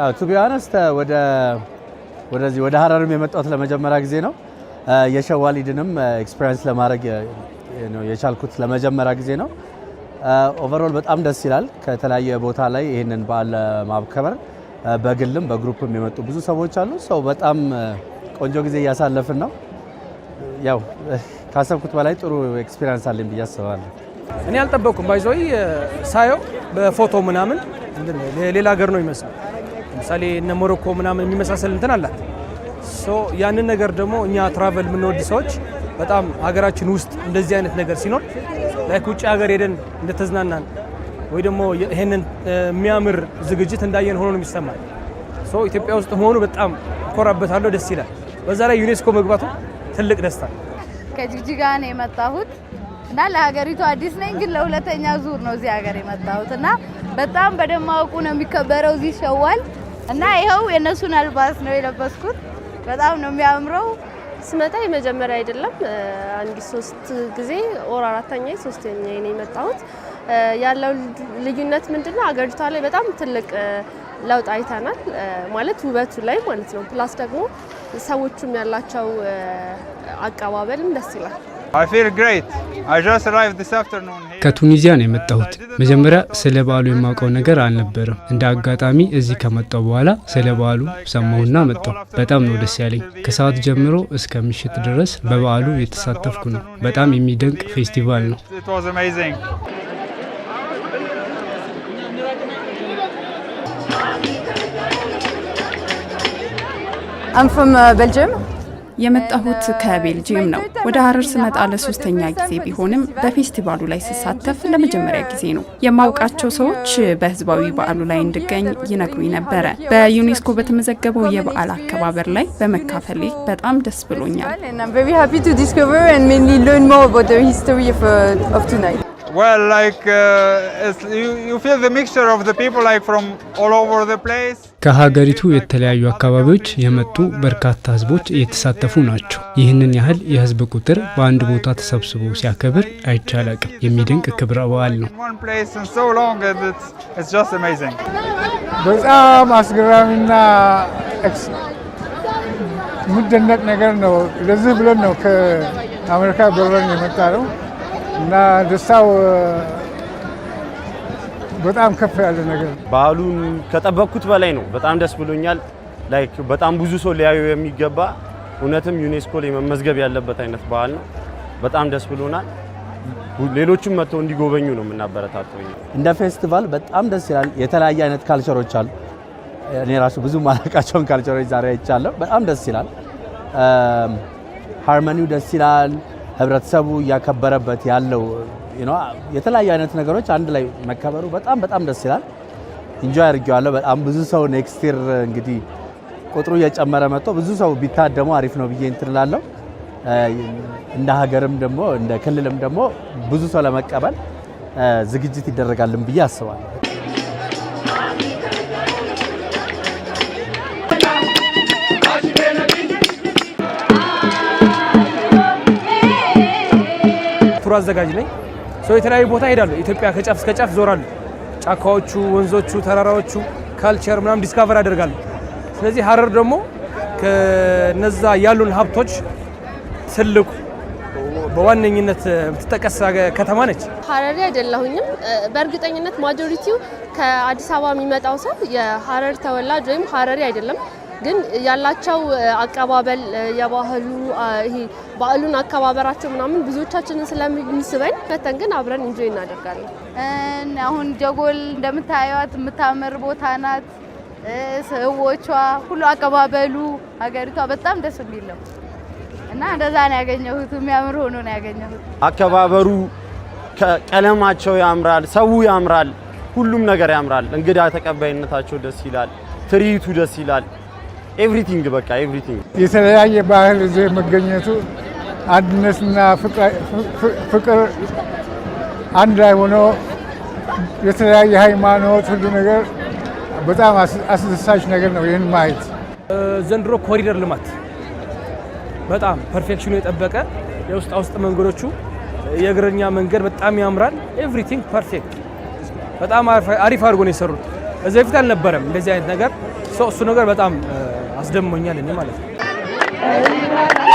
Uh, ወደ ወደዚህ ወደ ሀረርም የመጣሁት ለመጀመሪያ ጊዜ ነው። uh, የሸዋሊድንም ኤክስፔሪንስ uh, ለማድረግ የቻልኩት ለመጀመሪያ ጊዜ ነው። ኦቨርኦል በጣም ደስ ይላል። ከተለያየ ቦታ ላይ ይህንን በዓል ለማክበር በግልም በግሩፕም የመጡ ብዙ ሰዎች አሉ። ሰው በጣም ቆንጆ ጊዜ እያሳለፍን ነው። ያው ካሰብኩት በላይ ጥሩ ኤክስፒሪየንስ አለኝ ብዬ አስባለሁ። እኔ አልጠበቅኩም። ባይዘይ ሳየው በፎቶ ምናምን ሌላ ሀገር ነው ይመስላል ለምሳሌ እነ ሞሮኮ ምናምን የሚመሳሰል እንትን አላት። ያንን ነገር ደግሞ እኛ ትራቨል የምንወድ ሰዎች በጣም ሀገራችን ውስጥ እንደዚህ አይነት ነገር ሲኖር ላይክ ውጭ ሀገር ሄደን እንደተዝናናን ወይ ደግሞ ይሄንን የሚያምር ዝግጅት እንዳየን ሆኖ ነው የሚሰማል። ኢትዮጵያ ውስጥ መሆኑ በጣም እኮራበታለሁ፣ ደስ ይላል። በዛ ላይ ዩኔስኮ መግባቱ ትልቅ ደስታ። ከጅግጅጋ ነው የመጣሁት እና ለሀገሪቱ አዲስ ነኝ፣ ግን ለሁለተኛ ዙር ነው እዚህ ሀገር የመጣሁት እና በጣም በደማቁ ነው የሚከበረው እዚህ ሸዋል እና ይኸው የእነሱን አልባስ ነው የለበስኩት። በጣም ነው የሚያምረው። ስመጣ የመጀመሪያ አይደለም አንድ ሶስት ጊዜ ኦር አራተኛ ሶስተኛ ነው የመጣሁት። ያለው ልዩነት ምንድነው? አገሪቷ ላይ በጣም ትልቅ ለውጥ አይተናል። ማለት ውበቱ ላይ ማለት ነው። ፕላስ ደግሞ ሰዎቹም ያላቸው አቀባበልም ደስ ይላል። አይ ፊል ግሬት ከቱኒዚያ ነው የመጣሁት። መጀመሪያ ስለ በዓሉ የማውቀው ነገር አልነበረም። እንደ አጋጣሚ እዚህ ከመጣው በኋላ ስለ በዓሉ ሰማሁና መጣሁ። በጣም ነው ደስ ያለኝ። ከሰዓት ጀምሮ እስከ ምሽት ድረስ በበዓሉ የተሳተፍኩ ነው። በጣም የሚደንቅ ፌስቲቫል ነው። I'm from uh, Belgium. የመጣሁት ከቤልጅየም ነው። ወደ ሀረር ስመጣ ለሶስተኛ ጊዜ ቢሆንም በፌስቲቫሉ ላይ ስሳተፍ ለመጀመሪያ ጊዜ ነው። የማውቃቸው ሰዎች በህዝባዊ በዓሉ ላይ እንድገኝ ይነግሩኝ ነበረ። በዩኔስኮ በተመዘገበው የበዓል አከባበር ላይ በመካፈሌ በጣም ደስ ብሎኛል። Well, like uh, you, you feel the mixture of the people like from all over the place. ከሀገሪቱ የተለያዩ አካባቢዎች የመጡ በርካታ ህዝቦች እየተሳተፉ ናቸው። ይህንን ያህል የህዝብ ቁጥር በአንድ ቦታ ተሰብስቦ ሲያከብር አይቻላቅም። የሚደንቅ ክብረ በዓል ነው። በጣም አስገራሚና የሚደነቅ ነገር ነው። ለዚህ ብለን ነው ከአሜሪካ በረን የመጣ ነው። እና ደስታው በጣም ከፍ ያለ ነገር። ባህሉን ከጠበቅኩት በላይ ነው። በጣም ደስ ብሎኛል። ላይክ በጣም ብዙ ሰው ሊያዩ የሚገባ እውነትም ዩኔስኮ ላይ መመዝገብ ያለበት አይነት ባህል ነው። በጣም ደስ ብሎናል። ሌሎችም መጥተው እንዲጎበኙ ነው የምናበረታተው። እንደ ፌስቲቫል በጣም ደስ ይላል። የተለያየ አይነት ካልቸሮች አሉ። እኔ ራሱ ብዙ ማላውቃቸውን ካልቸሮች ዛሬ አይቻለሁ። በጣም ደስ ይላል። ሃርመኒው ደስ ይላል። ህብረተሰቡ እያከበረበት ያለው የተለያዩ አይነት ነገሮች አንድ ላይ መከበሩ በጣም በጣም ደስ ይላል። እንጆ አድርጌዋለሁ። በጣም ብዙ ሰው ኔክስት ይር እንግዲህ ቁጥሩ እየጨመረ መጥቶ ብዙ ሰው ቢታደሙ አሪፍ ነው ብዬ እንትን እላለሁ። እንደ ሀገርም ደግሞ እንደ ክልልም ደግሞ ብዙ ሰው ለመቀበል ዝግጅት ይደረጋልን ብዬ አስባለሁ። ቱር አዘጋጅ ነኝ። ሰው የተለያዩ ቦታ ሄዳሉ። ኢትዮጵያ ከጫፍ እስከ ጫፍ ዞራሉ። ጫካዎቹ፣ ወንዞቹ፣ ተራራዎቹ፣ ካልቸር ምናምን ዲስካቨር ያደርጋሉ። ስለዚህ ሀረር ደግሞ ከነዛ ያሉን ሀብቶች ትልቁ በዋነኝነት የምትጠቀስ ከተማ ነች። ሀረሪ አይደለሁኝም። በእርግጠኝነት ማጆሪቲው ከአዲስ አበባ የሚመጣው ሰው የሀረር ተወላጅ ወይም ሀረሪ አይደለም። ግን ያላቸው አቀባበል የባህሉ ይሄ በዓሉን አከባበራቸው ምናምን ብዙዎቻችንን ስለሚስበኝ ፈተን ግን አብረን እንጆይ እናደርጋለን። አሁን ጀጎል እንደምታዩት የምታምር ቦታ ናት። ሰዎቿ ሁሉ አቀባበሉ ሀገሪቷ በጣም ደስ የሚል ነው እና እንደዛ ነው ያገኘሁት። የሚያምር ሆኖ ነው ያገኘሁት። አከባበሩ ቀለማቸው ያምራል፣ ሰው ያምራል፣ ሁሉም ነገር ያምራል። እንግዳ ተቀባይነታቸው ደስ ይላል፣ ትርኢቱ ደስ ይላል። ኤቭሪቲንግ በቃ ኤቭሪቲንግ የተለያየ ባህል እዚህ መገኘቱ አንድነትና ፍቅር አንድ ላይ ሆኖ የተለያየ ሃይማኖት ሁሉ ነገር በጣም አስደሳች ነገር ነው። ይህን ማየት ዘንድሮ ኮሪደር ልማት በጣም ፐርፌክሽኑ የጠበቀ የውስጣ ውስጥ መንገዶቹ የእግረኛ መንገድ በጣም ያምራል። ኤቭሪቲንግ ፐርፌክት በጣም አሪፍ አድርጎ ነው የሰሩት። እዚህ በፊት አልነበረም እንደዚህ አይነት ነገር እሱ ነገር በጣም አስደምሞኛል እኔ ማለት ነው።